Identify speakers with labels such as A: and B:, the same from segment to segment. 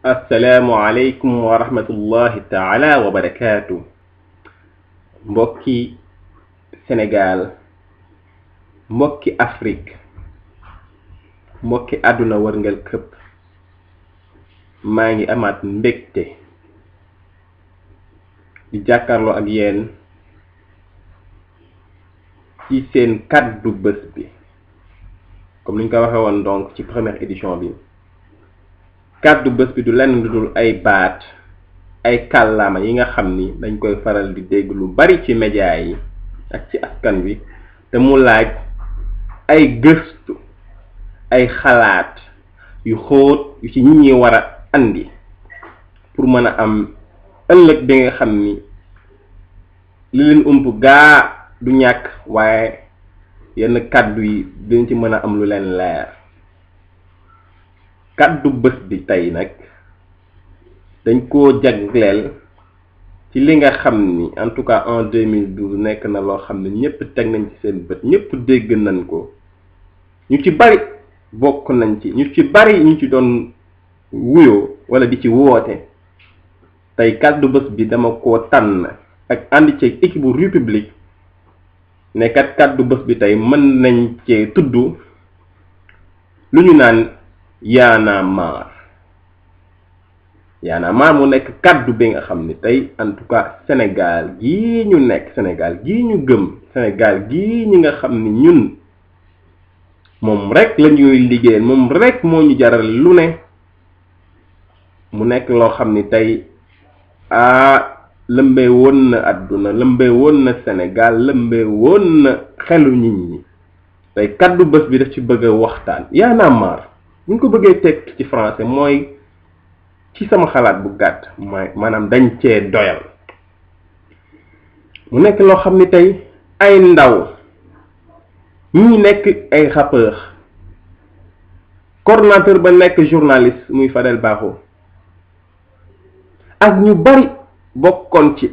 A: asalaamualeykum wa rahmatullahi taala wa mbokki Sénégal mbokki Afrique mbokki àdduna wërngal këpp maa ngi amaat mbégte di jàkkarloo ak yéen ci seen kàddu bés bi comme ni ñu ko waxee woon donc ci première édition bi kaddu bés bi du lenn lu dul ay baat ay kàllaama yi nga xam ni dañ koy faral di dégg lu bari ci média yi ak ci askan wi te mu laaj ay gëstu ay xalaat yu xóot yu ci nit ñi war a andi pour mën a am ëllëg bi nga xam ni li leen ump gaa du ñàkk waaye yenn kàddu yi dinañ ci mën a am lu leen leer kaddu bëss bi tay nak dañ ko jagleel ci li nga xamni en tout cas en 2012 nek na lo xamni ñepp ñëpp nañ ci seen bëtt ñepp dégg nañ ko ñu ci bari bokk nañ ci ñu ci bari ñu ci doon wuyo wala di ci wote tay kaddu bëss bi dama ko tànn ak and ci équipe bu république ne kat kàddu bi tay mën nañ ci tuddu luñu ñu Yanamar, Yanamar, mu nek kaddu bi nga xamni tay en tout cas senegal gi ñu nek senegal gi ñu gëm senegal gi ñi nga xamni ñun mom rek la ñuy liggéeyal rek mo ñu jaral lu ne mu nek lo xamni tay a ah won na aduna lembe won na senegal lembe won na xelu nit ñi tay kaddu bëss bi daf ci bëgg waxtaan yaanamar bu ñu ko bëggee tekki ci francais mooy ci sama xalaat bu gàtt mooy maanaam dañ cee doyal mu nekk loo xam ni tey ay ndaw ñi nekk ay rappeur coordonnateur ba nekk journaliste muy Fadel Barro ak ñu bari bokkoon ci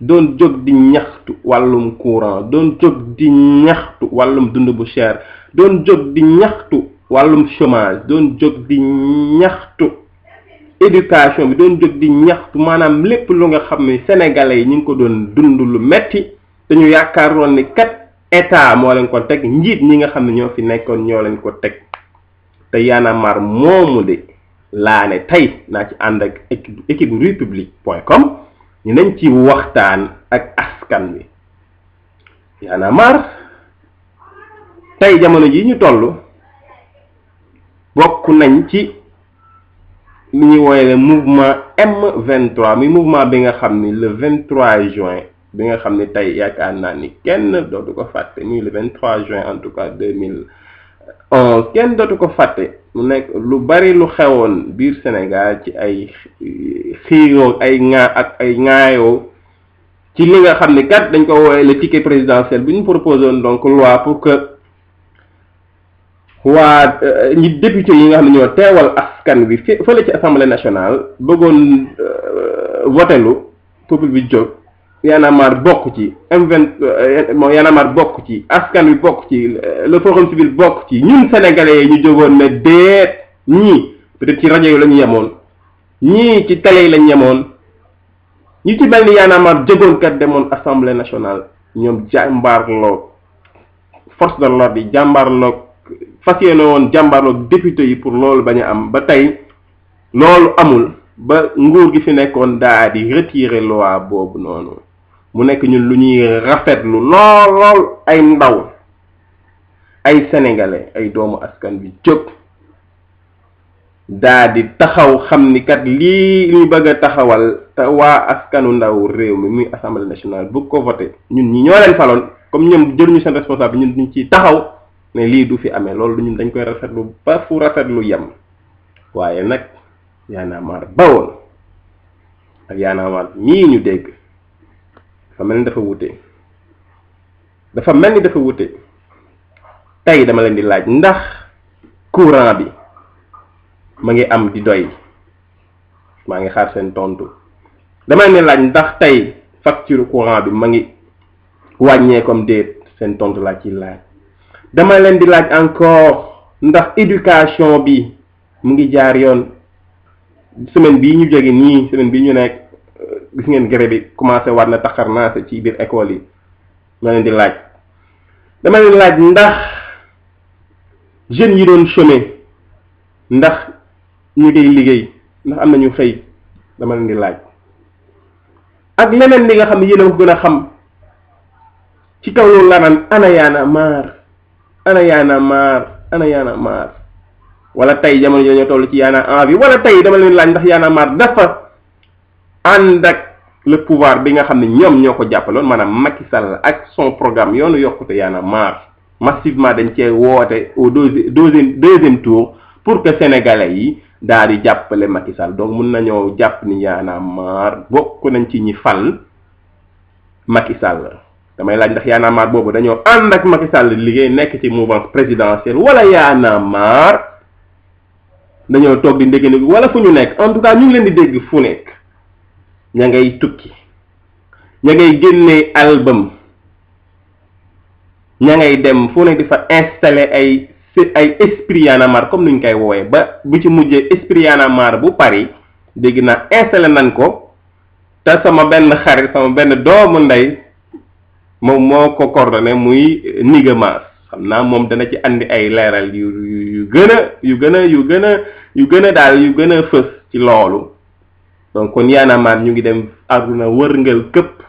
A: doon jóg di ñaxtu wàllum courant doon jóg di ñaxtu wàllum dund bu cher doon jóg di ñaxtu wàllum chômage doon jóg di ñaxtu éducation bi doon jóg di ñaxtu maanaam lépp lu nga xam ne sénégalais yi ñu ngi ko doon dund lu metti dañu yaakaaroon ni kat état moo leen ko teg njiit ñi nga xam ne ñoo fi nekkoon ñoo leen ko teg te Y'en moomu de laa ne tey naa ci ànd ak équipe équipe république point com ñu nañ ci waxtaan ak askan bi Y'en tey jamono ji ñu toll bokk nañ ci mi ñuy wooye le mouvement M23 mi mouvement bi nga xam ni le 23 juin bi nga xam ni tey yaakaar naa ni kenn dootu ko fàtte muy le juin en tout cas 2011 kenn dootu ko fàtte mu nekk lu bari lu xewoon biir Sénégal ci ay xiiroo ay ŋaa ay ŋaayoo ci li nga xam ni kat dañ ko wooye le ticket présidentiel bi ñu proposoon donc loi pour que waa euh, ñi député yi nga xam ne ñoo teewal askan wi fi fële ci assemblée nationale bëggoon euh, votelu peuple bi jóg Y'en a bokk ci M20 euh, moom bokk ci askan wi bokk ci le forum civil bokk ci ñun sénégalais yi ñu jógoon ne déet ñii peut-être ci rajo yi la ñu yemoon ñii ci télé yi la ñu ñi ci mel ni Y'en a marre jógoon kat demoon assemblée nationale ñoom jàmbaarloo force de l'ordre yi jàmbaarloo fas yéene woon jàmbarook député yi pour loolu bañ a am ba tey loolu amul ba nguur gi fi nekkoon daa di retirer boobu noonu mu nekk ñun lu ñuy rafetlu lu lool ay ndaw ay sénégalais ay doomu askan bi jóg daa di taxaw xam ni kat lii ñu bëgg a taxawal te waa askanu ndaw réew mi muy assemblée nationale bu ko voté ñun ñi ñoo leen faloon comme ñoom ñu seen responsable ñun duñ ci taxaw ne lii du fi amee loolu ñun dañ koy rafet rafetlu ba fu lu yem waaye nag Y'en a marre ak Y'en ñii ñu dégg dafa mel ni dafa wute dafa mel ni dafa wute tey dama leen di laaj ndax courant bi ma ngi am di doy maa ngi xaar seen tontu dama leen di laaj ndax tey facture courant bi ma ngi wàññee comme déet seen tontu laa ciy laaj dama leen di laaj encore ndax éducation bi mu ngi jaar yoon semaine bii ñu jóge nii semaine bi ñu nekk euh, gis ngeen grève bi commencé war na taxar naa ci biir école yi ma leen di laaj dama leen laaj ndax jeunes yi doon chômer ndax ñu ngi liggéey ndax am nañu xëy dama leen di laaj ak leneen li nga xam ne yéen ko gën a xam ci kaw loolu la naan ana maar ana yaana ana yaana maar tey jamono ji dañoo toll ci yaana envie wala tey dama leen laaj ndax yaana maar dafa ànd ak le pouvoir bi nga xam ne ñoom ñoo ko jàppaloon maanaam Macky Sall ak son programme yoonu yokkute yaana maar massivement dañ cee woote au deuxième deuxième tour pour que sénégalais yi daal di jàppale Macky Sall donc mun nañoo jàpp ni yaana bokk nañ ci ñi fal makisal damay laaj ndax yaana maar boobu dañoo ànd ak Macky Sall liggéey nekk ci mouvance présidentielle wala naa maar dañoo toog di ndégg wala fu ñu nekk en tout cas ñu leen di dégg fu nekk ña ngay tukki ña ngay génnee album ña ngay dem fu nekk di fa installer ay ay esprit yaana maar comme nuñ koy woowee ba bu ci mujjee esprit yaana maar bu Paris dégg naa installé nañ ko te sama benn xarit sama benn doomu ndey mom moko coordonné muy nigamas xamna mom dana ci andi ay leral yu yu gëna yu gëna yu gëna yu gëna dal yu gëna fess ci loolu donc kon yana mat ñu ngi dem aduna wërngal kep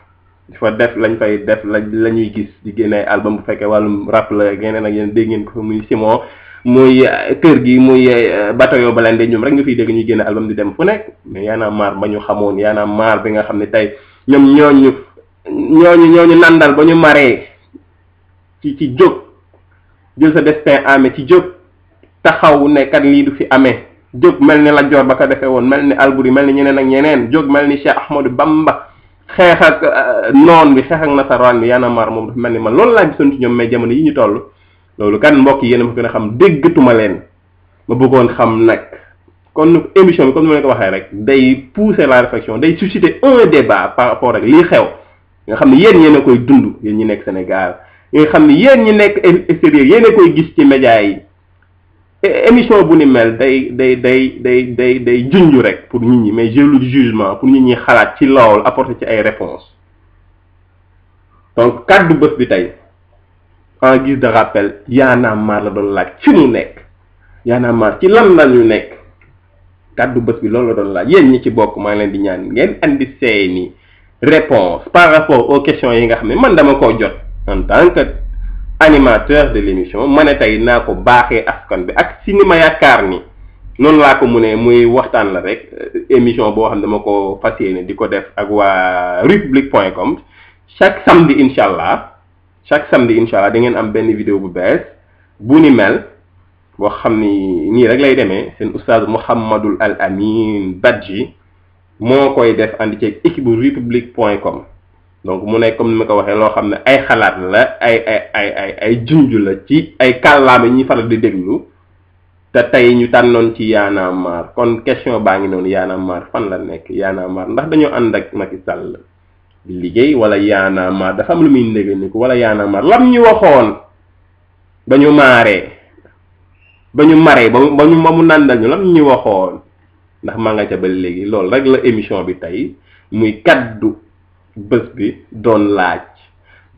A: dafa def lañ fay def lañuy gis di génne album bu fekkee wàllum rap la geneen ak yéen dégg ngeen ko muy simon muy euh, kër gi muy euh, batayo balande ñoom rek nga fiy dégg ñuy génne album di dem fu nekk mais yaana maar ba ñu xamoon yaana maar bi nga xam ne tey ñoom ñooñu ñooñu nandal ba ñu maree ci ci jóg jël sa destin amee ci jóg taxaw ne kat lii du fi amee jóg mel ni Lat Joor ba ko defee woon mel ni Alburi mel ni ñeneen ak ñeneen jóg mel ni Cheikh Ahmadou Bamba xeex ak euh, noon bi xeex ak nasaraan bi yanamar moom dafa mel ni man loolu laa gisoon ci ñoom mais jamono yi ñu toll loolu kan mbokk yéen a ma gën a xam déggatuma leen ma bëggoon xam nag kon émission bi comme ni ma leen waxee rek day pousser la réflexion day susciter un débat par rapport lii xew nga xam ne yéen yéen a koy dund yéen ñi nekk Sénégal yi nga xam ne yéen ñi nekk extérieur yéen a koy gis ci média yi émission bu ni mel day day day day day day junj rek pour nit ñi mais j'ai le jugement pour nit ñi xalaat ci lool apporter ci ay réponses donc kàddu bés bi tey a guise de rappel Y'en a la doon laaj ci mu nekk Y'en a marre ci lan la ñu nekk kàddu bés bi loolu la doon laaj yéen ñi ci bokk maa ngi leen di ñaan ngeen andi seeni réponse par rapport au questions yi nga xam ne man dama koo jot en tant animateur de l'émission ma ne tey naa ko baaxee askan bi ak si ni ma yaakaar ni noonu laa ko mu ne muy waxtaan la rek euh, émission boo xam ne dama ko fas yéene di ko def ak waa république point com chaque samedi incha allah chaque samedi incha allah da ngeen am benn vidéo bu bees bu ni mel boo xam ni nii rek lay demee seen oustaz Mouhamadul Al Amin Badji moo koy def andi ci équipe république point com donc mu nekk comme ni ma ko waxee loo xam ne ay xalaat la ay ay ay ay ay junj la ci ay kàllaama ñi faral di déglu te tey ñu tànnoon ci yaana maar kon question baa ngi noonu yaana maar fan la nekk yaana maar ndax dañoo ànd ak Macky Sall di liggéey wala yaana maar dafa am lu muy ndege ni ko wala yaana maar lam ñu waxoon ba ñu maaree ba ñu maree ba ba mu nandal ñu lam ñu waxoon ndax maa nga ca ba léegi loolu rek la émission bi tey muy kaddu bés bi doon laaj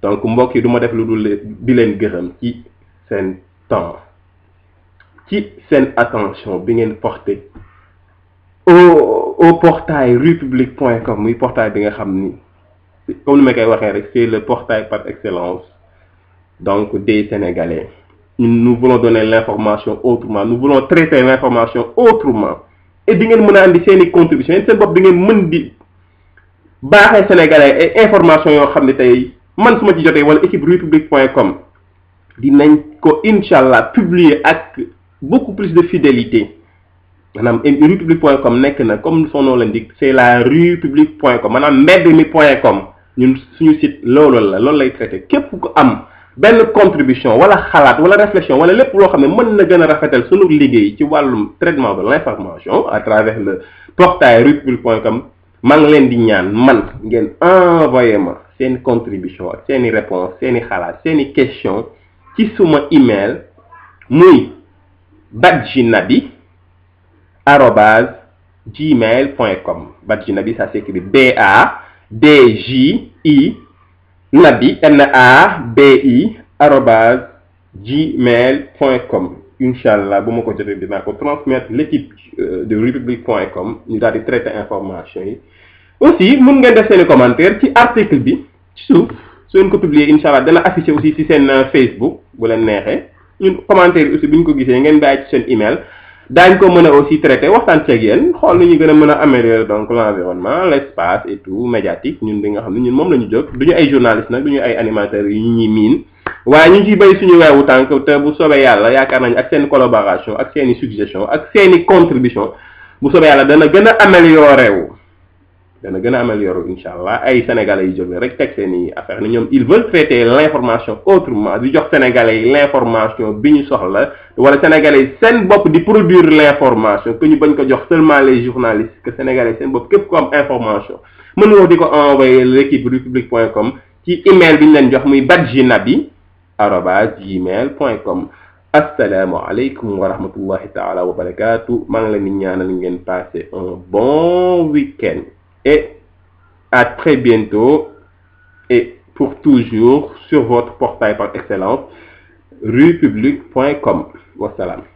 A: donc mbokk yi du ma def lu dul di leen gërëm ci seen temps ci seen attention bi ngeen porté au au portail rupublique.com muy portail bi nga xam ni comme ni ma koy waxee rek c'est le portail par excellence donc des sénégalais nous voulons donner l'information autrement nous voulons traiter l'information autrement et bi ngeen mën a andi seen i contribution yéen seen bopp bi ngeen mën di baaxee sénégalais et information yoo xam ne tey man su ma ci jotee wala équipe ruepublique point com dinañ ko incha allah publier ak beaucoup plus de fidélité maanaam ruepublique point com nekk na comme son nom l'indique c'est la ruepublique point com maanaam mbedd mi point com ñun suñu site loolu la loolu lay traité képp ko am benn contribution wala xalaat wala réflexion wala lépp loo xam ne mën na gën a rafetal sunu liggéey ci wàllum traitement de l'information à travers le portail rutpul.com maa ngi leen di ñaan man ngeen envoyé ma seen contribution ak seen réponse seen i xalaat seen question ci suma email muy badjinabi arobase gmail point com badjinabi ça s'écrit b a d j i nabi n a b i gmail point com bu ma ko jotee dinaa ko transmettre l'équipe euh, de république point com ñu daal di traiter information aussi mun ngeen def seeni commentaire ci article bi ci suuf su ngeen ko publier chaleur allah dana affiché aussi ci seen euh, Facebook bu leen neexee ñun commentaire aussi bu ñu ko gisee ngeen bàyyi ci seen email daañ ko mën a aussi traité waxtaan ceeg yéen xool nu ñu gën a mën a améliorer donc l'environnement l'espace et tout médiatique ñun bi nga xam ne ñun moom la ñu jóg duñu ay journaliste nag duñu ay animateurs yu ñu ñuy miin waaye ñu ngi ciy béy suñu weewu tànk te bu soobee yàlla yaakaar nañu ak seen collaboration ak seen i suggestion ak seen i contribution bu soobee yàlla dana gën a améliorer wu dana gën a yoru ay sénégalais rek affaire ils veulent traiter l'information autrement sénégalais l'information l' soxla wala sénégalais yi produire l'information. que ñu bañ seulement les journalistes que sénégalais seen bopp képp ko am information mën woo envoyer ci email bi ñu leen muy gmail point wa rahmatullahi taala wa un bon week-end et à très bientôt et pour toujours sur votre portail par excellence ruepublic.com. Wassalam.